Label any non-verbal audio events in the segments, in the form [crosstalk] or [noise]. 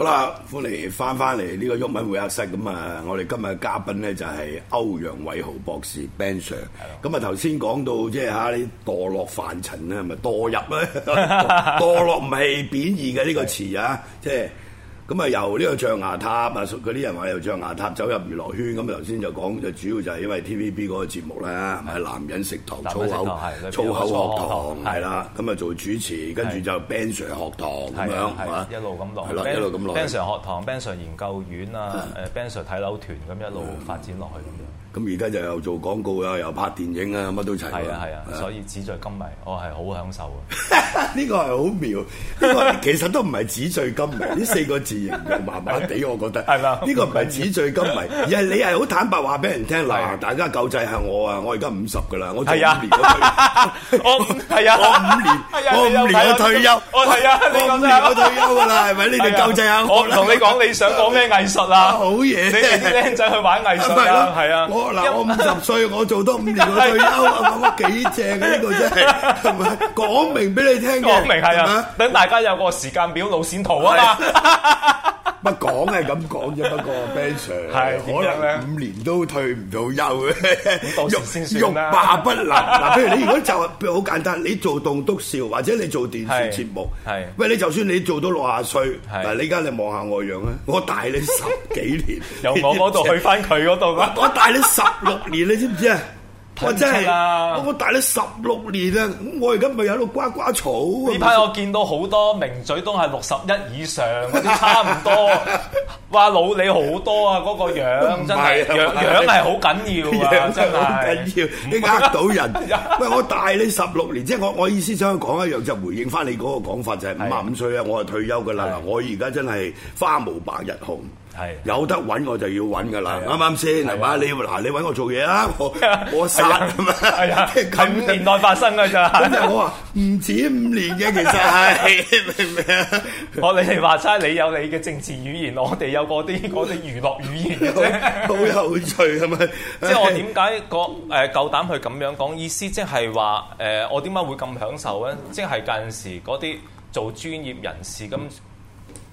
好啦，歡迎翻返嚟呢個毓民會客室。咁啊，啊，我哋今日嘅嘉賓咧就係歐陽偉豪博士 Ben Sir。咁啊，頭先講到即係嚇，墮落凡塵咧，係咪墮入咧？墮落唔係貶義嘅呢個詞啊，即係。咁啊，由呢個象牙塔啊，嗰啲人話由象牙塔走入娛樂圈。咁頭先就講，就主要就係因為 TVB 嗰個節目啦，係的男人食堂粗口，口粗口學堂係啦。咁啊的，的做主持，跟住就 Ben Sir 學堂咁的的樣，係嘛？一路咁落去，一路咁落去。Ben Sir 學堂、Ben Sir 研究院啊，誒的、uh, Ben Sir 睇樓團咁一路發展落去咁樣。咁而家就又做廣告啊，又拍電影啊，乜都齊啦。係啊係啊，所以紙醉金迷，我係好享受啊！呢個係好妙，呢個其實都唔係紙醉金迷，呢四個字麻麻地，我覺得係啦。呢個唔係紙醉金迷，而係你係好坦白話俾人聽嗱，大家救濟下我啊！我而家五十噶啦，我五年我係啊，我五年我五年我退休，我係啊，我我退休噶啦，係咪？你哋救濟下我。我同你講你想講咩藝術啊？好嘢，你哋啲僆仔去玩藝術啦，係啊。嗱、啊，我五十歲，我做我休 [laughs] 多五年，啊，我退休啊嘛，幾正嘅。呢個真係，講明俾你聽嘅，講明係啊，等大家有個時間表路線圖啊嘛。乜講係咁講啫， [laughs] 不過 [laughs] Ben Sir Sir, 可能五年都退唔 [laughs] 到休嘅，欲欲罷不能。嗱，譬如你如果就好簡單，你做棟篤笑或者你做電視節目，喂， [laughs] 是你就算你做到六廿歲，嗱 [laughs] 是，你而家你望下外樣咧，我大你十幾年， [laughs] 由我嗰度去翻佢嗰度啊，我大你十六年，你知唔知啊？ [laughs] 我真係，我我大你十六年啊！我而家咪喺度呱呱草。呢排我見到好多名嘴都係六十一以上，差唔多，哇老你好多啊！嗰個樣真係，樣樣係好緊要啊！真係好緊要，你呃到人。喂，我大你十六年，即係我我意思想講一樣，就回應翻你嗰個講法，就係五十五歲啊，我係退休㗎啦。我而家真係花無百日紅。有得揾我就要揾噶啦，啱啱先，係嘛的？你嗱，你揾我做嘢啦，我我殺咁啊！近年代發生嘅咋？我話唔止五年嘅，其實係 [laughs] 明唔明啊？我你哋話齋，你有你嘅政治語言，我哋有嗰啲啲娛樂語言好 [laughs] [laughs] [laughs] 有，有趣係咪？即係 [laughs] 我點解個誒夠膽去咁樣講？意思即係話誒，我點解會咁享受咧？即係近陣時嗰啲做專業人士咁。 [music] [noise]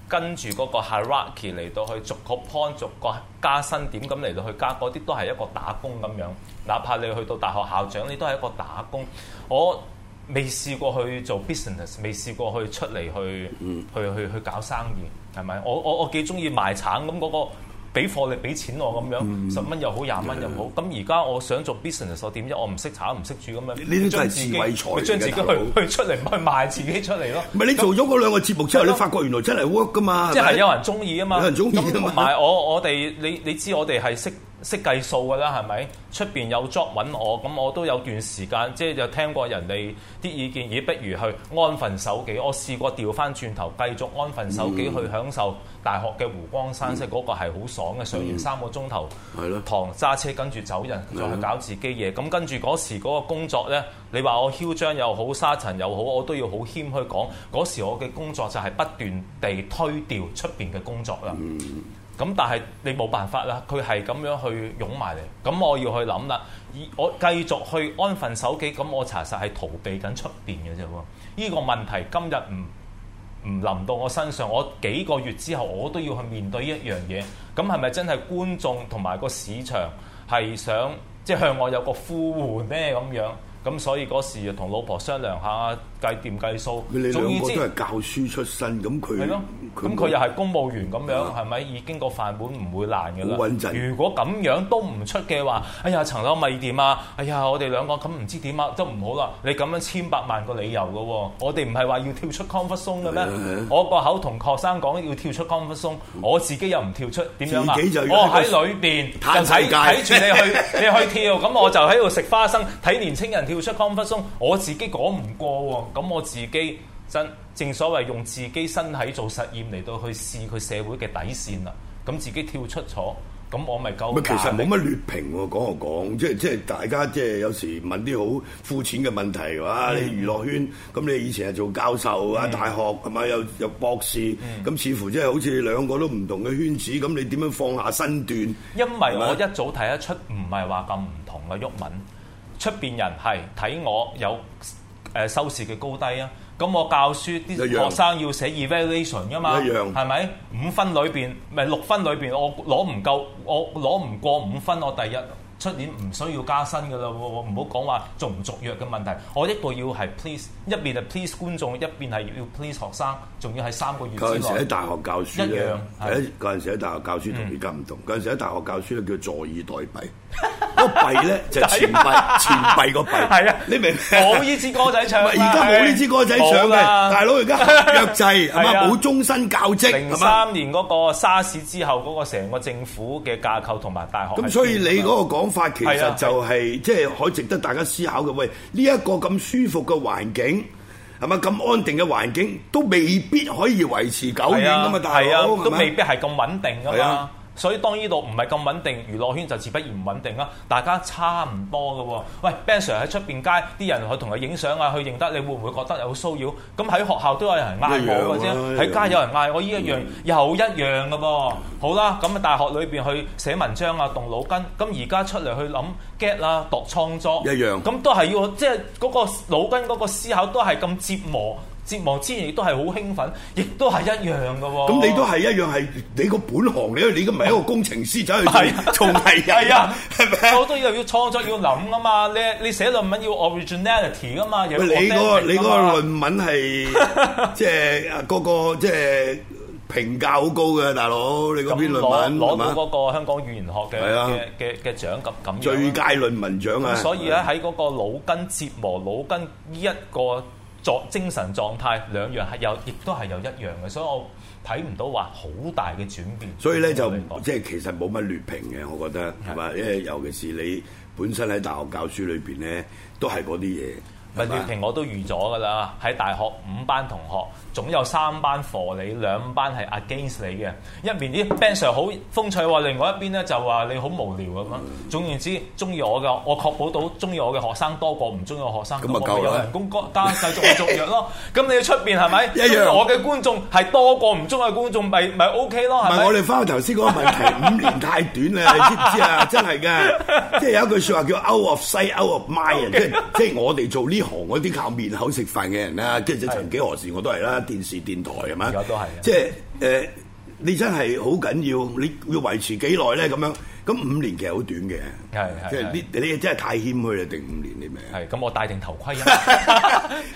跟住嗰個 Hierarchy 嚟到去逐個 point 逐個加薪點咁嚟到去加，嗰啲都係一個打工咁樣。哪怕你去到大學校長，你都係一個打工。我未試過去做 business，未試過去出嚟去去去去搞生意，係咪？我我我幾中意賣橙咁嗰個。俾貨你俾錢我咁樣，嗯、十蚊又好廿蚊又好。咁而家我想做 business 我點啫？我唔識炒唔識煮咁樣，呢啲都係自毀財產將自己去 [laughs] 去出嚟去賣自己出嚟咯。唔係 [laughs] 你做咗嗰兩個節目之後， [laughs] 你發覺原來真係 work 㗎嘛？即係有人中意啊嘛。吧有人中意咁同埋我我哋你你知我哋係識。識計數㗎啦，係咪？出邊有 job 揾我，咁我都有段時間，即係就聽過人哋啲意見，咦不如去安分守己。我試過調翻轉頭，繼續安分守己、嗯、去享受大學嘅湖光山色，嗰、嗯、個係好爽嘅。上完三個鐘頭，堂揸、嗯、車跟住走人，再去搞自己嘢。咁、嗯、跟住嗰時嗰個工作呢，你話我囂張又好，沙塵又好，我都要好謙虛講，嗰時我嘅工作就係不斷地推掉出邊嘅工作啦。嗯咁但係你冇辦法啦，佢係咁樣去擁埋嚟，咁我要去諗啦。而我繼續去安分守己，咁我查實係逃避緊出邊嘅啫呢。依個問題今日唔唔臨到我身上，我幾個月之後我都要去面對一樣嘢。咁係咪真係觀眾同埋個市場係想即係向我有個呼喚呢？咁樣？咁所以嗰時就同老婆商量下。計掂計數，佢哋兩個都係教書出身，咁佢，咁佢又係公務員咁樣，係咪已經個飯碗唔會爛嘅啦？好穩陣。如果咁樣都唔出嘅話，哎呀，層樓咪掂啊？哎呀，我哋兩個咁唔知點啊，都唔好啦。你咁樣千百萬個理由嘅喎，我哋唔係話要跳出 comfort zone 嘅咩？我個口同學生講要跳出 comfort zone，我自己又唔跳出，點樣啊？我喺裏邊睇住你去，你去跳，咁我就喺度食花生，睇年青人跳出 comfort zone，我自己講唔過喎。咁我自己真正所謂用自己身體做實驗嚟到去試佢社會嘅底線啦，咁自己跳出咗，咁我咪夠。其實冇乜劣評喎，講就講，即係即係大家即係有時問啲好膚淺嘅問題話，嗯、你娛樂圈咁你以前係做教授啊、嗯、大學係咪有有博士，咁、嗯、似乎即係好似兩個都唔同嘅圈子，咁你點樣放下身段？因為我一早睇得出唔係話咁唔同嘅鬱文。出面人係睇我有。誒收視嘅高低啊，咁我教書啲一樣學生要寫 evaluation 㗎嘛，一樣，一係咪五分裏邊咪六分裏邊我攞唔夠，我攞唔過五分，我第一出年唔需要加薪㗎啦，我唔好講話續唔續約嘅問題，我一個要係 please 一邊係 please 觀眾，一邊係要 please 學生，仲要係三個月。嗰陣時喺大學教書一樣，係嗰陣時喺大學教書同而家唔同，嗰陣、嗯、時喺大學教書叫坐以待斃。個幣咧就錢幣，錢幣個幣係啊，你明？冇呢支歌仔唱，而家冇呢支歌仔唱嘅，大佬而家約制係嘛？冇終身教職，零三年嗰個沙士之後嗰個成個政府嘅架構同埋大學咁，所以你嗰個講法其實就係即係可值得大家思考嘅。喂，呢一個咁舒服嘅環境係嘛？咁安定嘅環境都未必可以維持久嘅嘛，大佬係啊，都未必係咁穩定噶嘛。所以當呢度唔係咁穩定，娛樂圈就自不然唔穩定啦。大家差唔多嘅喎。喂，Ben Sir 喺出邊街啲人去同佢影相啊，去認得，你會唔會覺得有騷擾？咁喺學校都有人嗌我或者喺街有人嗌我呢一樣，一樣又一樣嘅噃。好啦，咁啊大學裏邊去寫文章啊，動腦筋。咁而家出嚟去諗 get 啦，度創作一樣。咁都係要即係嗰個腦筋嗰個思考都係咁折磨。折磨之前亦都係好興奮，亦都係一樣嘅喎。咁你都係一樣係你個本行，你你唔係一個工程師走去做藝人，係啊，係咪？我都要要創作要諗噶嘛，你你寫論文要 originality 噶嘛，又要我。你嗰個你嗰個論文係即係嗰個即係評價好高嘅大佬，你嗰篇論文攞到嗰個香港語言學嘅嘅嘅獎咁咁。最佳論文獎啊！所以咧喺嗰個腦筋折磨腦筋呢一個。狀精神狀態兩樣係有，亦都係有一樣嘅，所以我睇唔到話好大嘅轉變。所以咧就即係其實冇乜劣評嘅，我覺得係嘛，的因為尤其是你本身喺大學教書裏邊咧，都係嗰啲嘢。文劣評我都預咗㗎啦，喺大學五班同學總有三班 for 你，兩班係 against 你嘅。一邊啲 Ben Sir 好風趣喎，另外一邊咧就話你好無聊咁樣。總言之，中意我嘅，我確保到中意我嘅學生多過唔中意我學生。咁咪夠有人工加就續續約咯。咁 [laughs] 你出邊係咪一樣？係係我嘅觀眾係多過唔中意嘅觀眾，咪咪 OK 咯。唔我哋翻去頭先嗰個問題，五年太短啦，你知唔知啊？真係嘅，即係有一句説話叫 out of sight, out of mind 即係我哋做呢。我啲靠面口食飯嘅人啦，即係曾幾何時我都係啦，電視電台係咪？而家都係，即係誒，你真係好緊要，你要維持幾耐咧？咁樣咁五年其實好短嘅，係即係你你真係太謙虛啦，定五年啲咩？係，咁我戴定頭盔，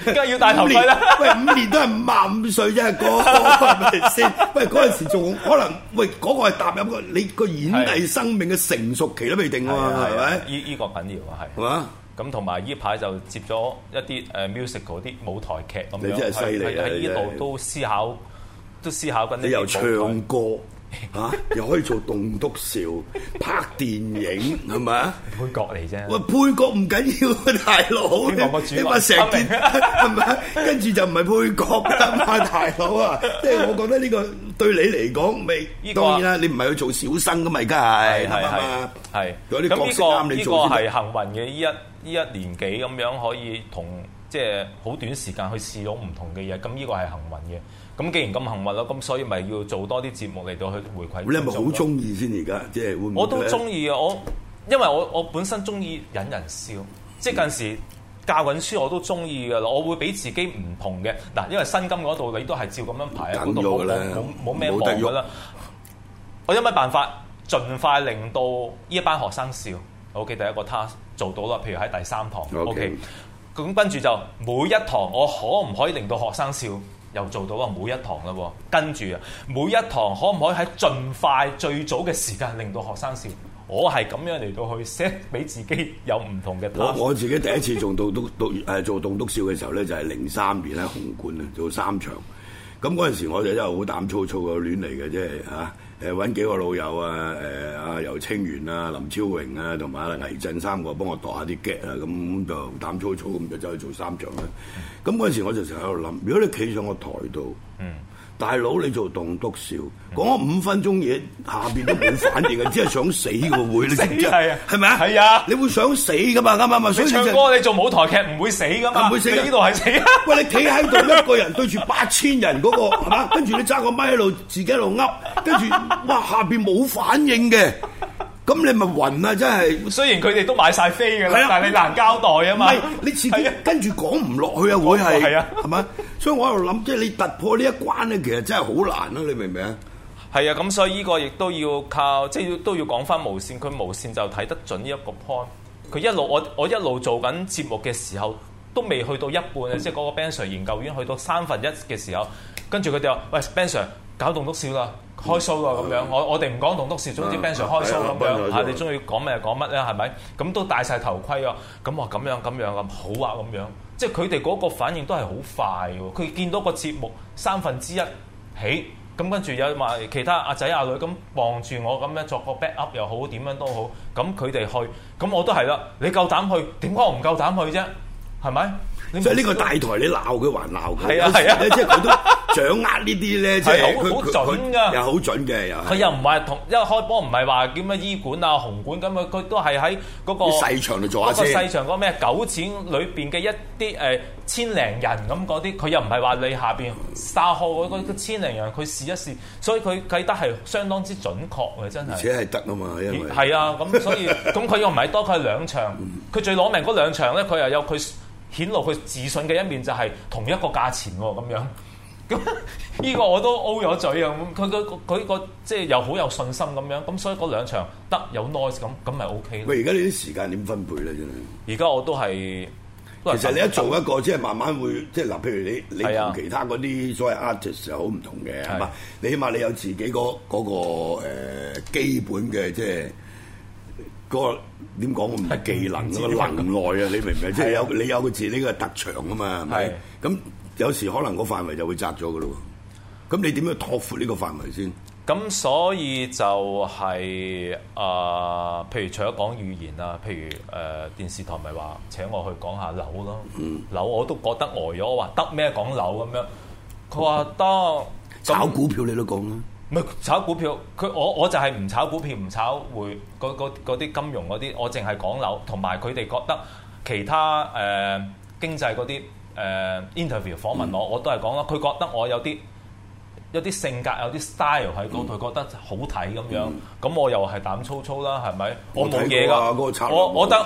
梗係要戴頭盔啦。喂，五年都係五十五歲啫，個分年先。喂，嗰陣時仲可能喂嗰個係踏入個你個演藝生命嘅成熟期都未定喎，係咪？依依個緊要啊，係。咁同埋呢排就接咗一啲誒 musical 啲舞台劇。咁你真係犀利，喺呢度都思考，都思考緊呢啲。又唱歌吓，又可以做棟篤笑，拍電影係咪啊？配角嚟啫，喂，配角唔緊要啊，大佬。你話成啲係咪？跟住就唔係配角啦嘛，大佬啊！即係我覺得呢個對你嚟講未？依個啦，你唔係去做小生㗎嘛，而家係係係係。啲角色啱你做先。係幸運嘅依一。呢一年幾咁樣可以同即係好短時間去試到唔同嘅嘢，咁呢個係幸運嘅。咁既然咁幸運咯，咁所以咪要做多啲節目嚟到去回饋。你係咪好中意先而家？即係我都中意啊！我因為我我本身中意引人笑，即係近時教緊書我都中意嘅啦。我會俾自己唔同嘅嗱，因為薪金嗰度你都係照咁樣排，緊到嘅啦，冇冇咩望嘅啦。我有乜辦法盡快令到呢一班學生笑？O K，第一個 task 做到啦，譬如喺第三堂。O K，咁跟住就每一堂我可唔可以令到學生笑？又做到啊！每一堂啦，跟住啊，每一堂可唔可以喺盡快最早嘅時間令到學生笑？我係咁樣嚟到去 set 俾自己有唔同嘅。我我自己第一次做棟篤， [laughs] 做棟篤笑嘅時候咧，就係零三年咧，紅館啊，做三場。咁嗰陣時我哋真係好膽粗粗嘅亂嚟嘅啫，嚇、啊。誒揾幾個老友啊！誒、呃、啊，游清源啊、林超榮啊，同埋阿黎振三個幫我度下啲 gag 啊，咁就膽粗粗咁就走去做三場啦。咁嗰、嗯、時我就成日喺度諗，如果你企上我台度。嗯，大佬你做棟篤笑講咗五分鐘嘢，下邊都冇反應嘅，只係想死個會，你知唔知啊？係咪啊？係啊，你會想死噶嘛？啱啱啊？你唱歌你做舞台劇唔會死噶嘛？唔會死，呢度係死。喂，你企喺度一個人對住八千人嗰個係嘛？跟住你揸個咪喺度自己喺度噏，跟住哇下邊冇反應嘅，咁你咪暈啊！真係，雖然佢哋都買晒飛噶啦，但係你難交代啊嘛。你自己跟住講唔落去啊？會係係啊？係咪所以我喺度諗，即係你突破呢一關咧，其實真係好難啦，你明唔明啊？係啊，咁所以呢個亦都要靠，即係都要講翻無線。佢無線就睇得準呢一個 point。佢一路我我一路做緊節目嘅時候，都未去到一半，即係嗰個 Ben Sir 研究院去到三分一嘅時候，跟住佢哋話：喂，Ben Sir。Spencer, 搞棟篤笑啦，開 show 啦咁樣，嗯、我我哋唔講棟篤笑，嗯、總之 Ben Sir 開 show 咁樣嚇，你中意講咩就講乜啦，係咪？咁都戴晒頭盔喎，咁話咁樣咁樣咁好啊咁樣，即係佢哋嗰個反應都係好快喎。佢見到個節目三分之一起，咁跟住有埋其他阿仔阿女咁望住我咁樣作個 back up 又好，點樣都好，咁佢哋去，咁我都係啦。你夠膽去，點解我唔夠膽去啫？係咪？呢個大台，你鬧佢還鬧佢，係啊係啊，啊啊 [laughs] 即係佢都掌握呢啲咧，即係好準㗎，又好準嘅佢又唔係同因為一開波，唔係話叫咩伊館啊、紅館咁啊，佢都係喺嗰個細場度做先。嗰個細場個咩九展裏邊嘅一啲誒、呃、千零人咁嗰啲，佢又唔係話你下邊沙號嗰千零人，佢試一試，所以佢計得係相當之準確嘅，真係而且係得啊嘛，因為係啊，咁 [laughs] 所以咁佢又唔係多，佢兩場，佢最攞命嗰兩場咧，佢又有佢。顯露佢自信嘅一面就係同一個價錢喎咁樣，咁 [laughs] 呢個我都 O 咗嘴啊！佢個佢個即係又好有信心咁樣，咁所以嗰兩場得有 noise 咁，咁咪 O K 咯。喂，而家你啲時間點分配咧？真係，而家我都係。都其實你一做一個，嗯、即係慢慢會，即係嗱，譬如你你同其他嗰啲所謂 artist 又好唔同嘅，係嘛的？的你起碼你有自己嗰嗰、嗰個嗰個基本嘅即係。嗰個點講？我唔係技能，個能耐啊！你明唔明？即係有你有個字，呢個特長啊嘛，係。咁有時可能個範圍就會窄咗嘅咯。咁你點樣拓闊呢個範圍先？咁所以就係、是、誒、呃，譬如除咗講語言啊，譬如誒、呃、電視台咪話請我去講下樓咯，嗯、樓我都覺得呆、呃、咗，我話得咩講樓咁樣？佢話當炒股票你都講啊。咪炒股票，佢我我就係唔炒股票，唔炒匯，嗰啲金融嗰啲，我淨係講樓，同埋佢哋覺得其他誒、呃、經濟嗰啲誒、呃、interview 訪問我，我都係講啦。佢覺得我有啲有啲性格有啲 style 喺嗰度，嗯、佢覺得好睇咁樣。咁、嗯、我又係膽粗粗啦，係咪、啊那個？我冇嘢㗎，我我得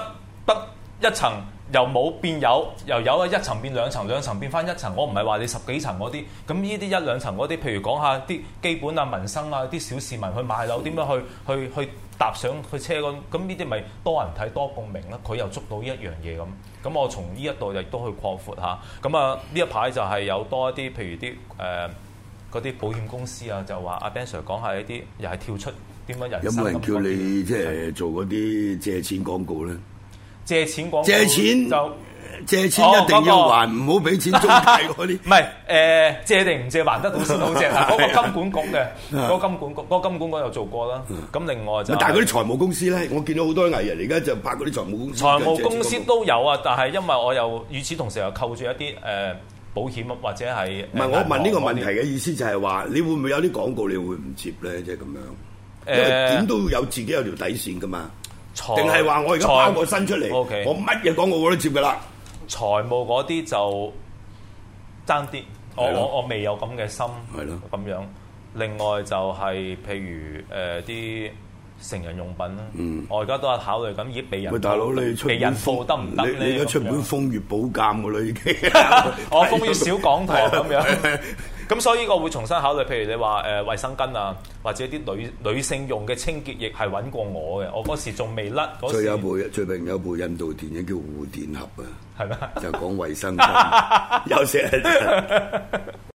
得。得得一層又冇變有，又有啊！一層變兩層，兩層變翻一層。我唔係話你十幾層嗰啲，咁呢啲一兩層嗰啲，譬如講下啲基本啊、民生啊、啲小市民去買樓點是的 樣去去去搭上去車咁，咁呢啲咪多人睇多共鳴囉。佢又捉到一樣嘢咁。咁我從呢一度亦都去擴闊下。咁啊呢一排就係有多一啲，譬如啲誒嗰啲保險公司啊，就話阿 Ben Sir 講下一啲又係跳出點樣人生咁嘅有冇人叫你即係做嗰啲借錢廣告咧？呢借錢廣借錢就借錢一定要還，唔好俾錢中介嗰啲。唔係誒，借定唔借還得到先好借嗰個金管局嘅嗰 [laughs] 金管局嗰、嗰個金，嗰個、金管局有做過啦。咁另外就係、但係嗰啲財務公司咧，我見到好多藝人而家就拍嗰啲財務公司。財務公司，公司都有啊，但係因為我又與此同時又扣住一啲誒、呃、保險或者係唔係？我問呢個問題嘅意思就係話，你會唔會有啲廣告你會唔接咧？即係咁樣，因為點都有自己有條底線噶嘛。定係話我而家拋個身出嚟，okay，我乜嘢廣告我都接噶啦。財務嗰啲就爭啲的，我我我未有咁嘅心，係咯咁樣。另外就係、是、譬如誒啲、呃、成人用品啦，嗯、我而家都係考慮緊，已經被人。喂，大佬你出本，人貨得唔得？你而家出本《風月寶鑑》噶啦，已經。 [laughs] [laughs] 我風月小講堂咁樣。 [laughs] [laughs] [laughs] 咁所以我會重新考慮。譬如你話誒衛生巾啊，或者啲女女性用嘅清潔液係揾過我嘅，我嗰時仲未甩最有部時最近有部印度電影叫《護墊俠》啊，係咪嗎，就講衛生巾， [laughs] 有時。 [laughs] [laughs]